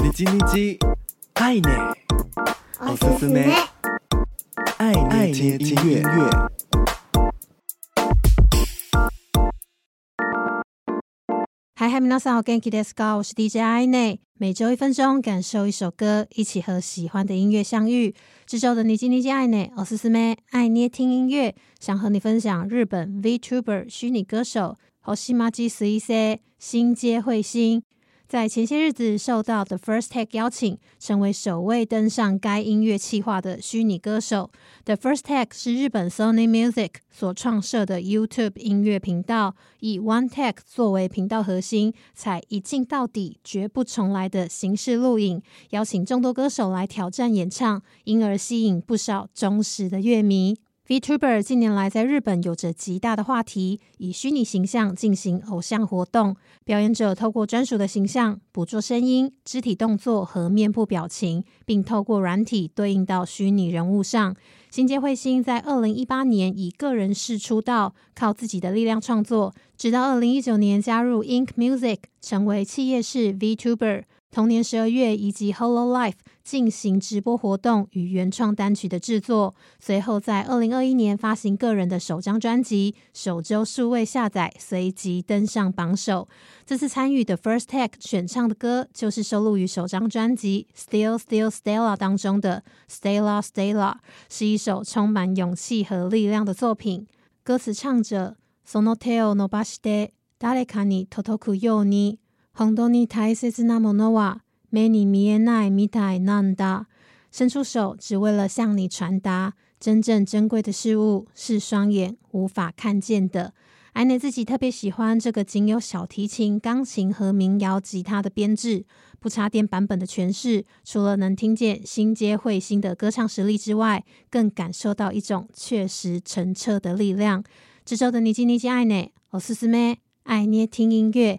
你嘰嘰嘰，愛捏，哦思思妹，愛捏聽音樂。Hi，Hello，大家好，我是 DJ 愛捏，每週一分鐘，感受一首歌，一起和喜歡的音樂相遇。這週的你嘰嘰嘰，愛捏哦思思妹，愛捏聽音樂，想和你分享日本 VTuber 虛擬歌手 Hoshimachi Suisei 星街彗星，在前些日子，受到 THE FIRST TAKE 邀請，成為首位登上該音樂企劃的虛擬歌手。THE FIRST TAKE 是日本 Sony Music 所創設的 YouTube 音樂頻道，以 ONE TAKE 作為頻道核心，採一鏡到底、絕不重來的形式錄影，邀請眾多歌手來挑戰演唱，因而吸引不少忠實的樂迷。VTuber 近年來在日本有着極大的話題，以虛擬形象進行偶像活動。表演者透過專屬的形象捕捉聲音、肢體動作和面部表情，並透過軟體對應到虛擬人物上。星街彗星在二零一八年以個人勢出道，靠自己的力量創作，直到二零一九年加入 INNK Music，成為企業勢 VTuber。同年十二月，以及 Holo Life 進行直播活動與原創單曲的制作。隨後在二零二一年發行個人的首張專輯，首周數位下載隨即登上榜首。這次參與的 THE FIRST TAKE 選唱的歌，就是收錄於首張專輯《Still Still Stellar》當中的《Stellar Stellar》，是一首充滿勇氣和力量的作品。歌詞唱着“その手を伸ばして、誰かに屆くように。蓬多尼台塞茲納莫諾瓦，梅尼米耶奈米台奈安達，伸出手，只為了向你傳達，真正珍貴的事物是雙眼無法看見的。艾內自己特別喜歡這個僅有小提琴、鋼琴和民謠吉他的編制、不插電版本的詮釋，除了能聽見星街彗星的歌唱實力之外，更感受到一種確實澄澈的力量。這週的尼基尼基艾內，我是試唄。愛捏聽音樂。